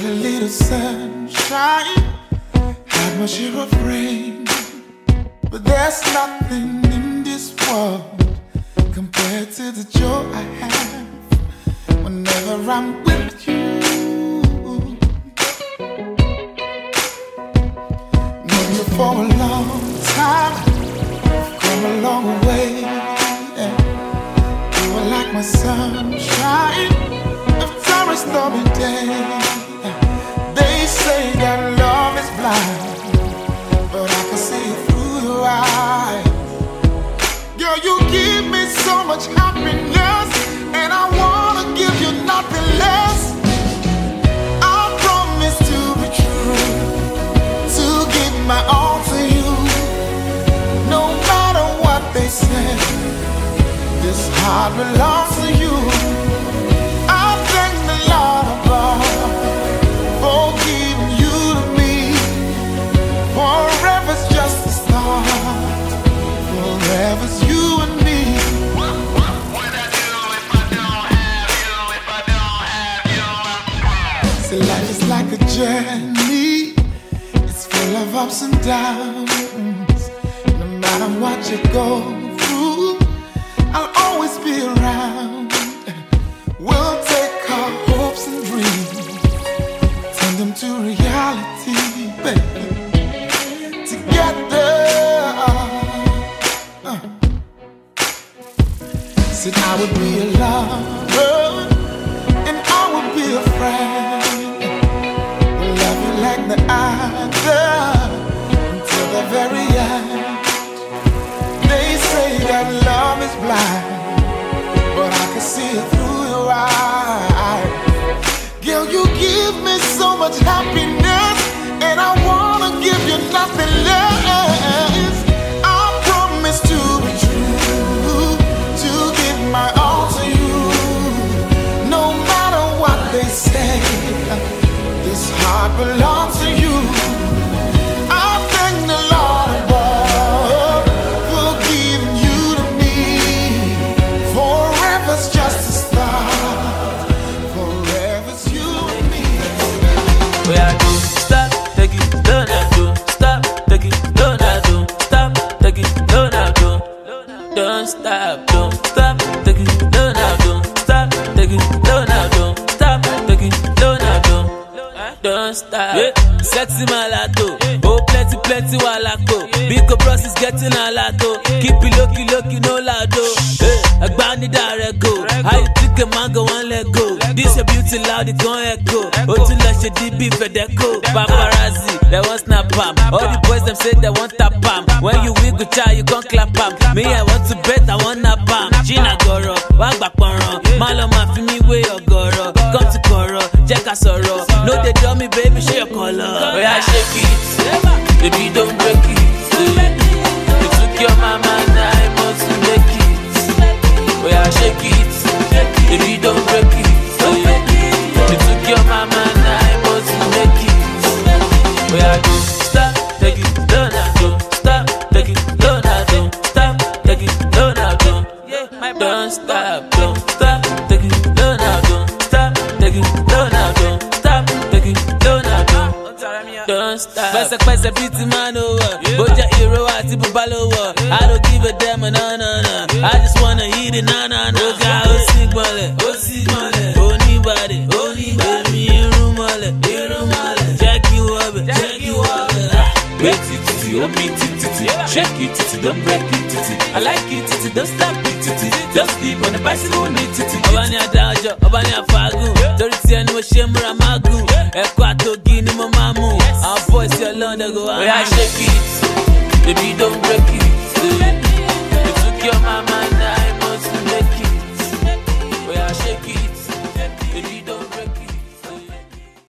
Had a little sunshine, had my share of rain. But there's nothing in this world compared to the joy I have whenever I'm with you. you for a to you. I thank the Lord above for giving you to me. Forever's just start. Forever's you and me. What, would I do if I don't have you? If I don't have you, I'm life is like a journey. It's full of ups and downs. No matter what you go. We'll take our hopes and dreams, turn them to reality, baby. Together. Uh. Said I would be a lover and I would be a friend. Love you like other until the very end. They say that love is blind. This heart belongs to you. I thank the Lord above for giving you to me. Forever's just a start. Forever's you and me. do not stop, don't stop, take it, don't don't stop, don't stop, don't stop, take it. getting malato. Oh, plenty, plenty walako. Biko bros is getting alato. Oh. Keep it low, low, no lado. Hey, eh, agbani dareko. How you pick a mango and let go? Oh? This your beauty loud, it gon' echo. Otu la she DB Fedeco. Paparazzi, they want snap pam. All the boys them say they want tap pam. When you wiggle child, you gon' clap pam. Me, I want to bet, I want napam. pam. Gina Goro, wagba pam. don't now, don't stop, don't now, don't. Don't stop. Pesa pretty man over. Uh, your hero the ati bubalowa. I don't give a damn, no no no. I just wanna eat it, no no no. Oga osik mole, osik oh, mole. Onibade, onibade. Emi irun mole, irun mole. Jackie wabe, Jackie wabe. Make it, you make ah. it. titty. Shake it titty, don't break it titty. I like it titty, don't stop it titty. Just sleep on the bicycle ní titty. Ọba ni adájọ́, ọba ni àfagùn. Torí tí ẹni mo ṣe múra máa gùn. Ẹ̀kọ́ àtògì ni mo máa mú. Àwọn bọ́ọ̀sì ọlọ́dẹ kò wá. Oya shake baby don't break it.